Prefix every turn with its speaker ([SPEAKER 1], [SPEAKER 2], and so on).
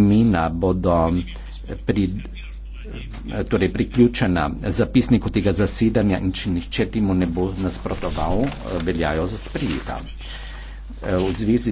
[SPEAKER 1] imena bodo pri, torej priključena zapisniku tega zasedanja in če nihče temu ne bo nasprotoval, veljajo za sprejeta.
[SPEAKER 2] V zvezi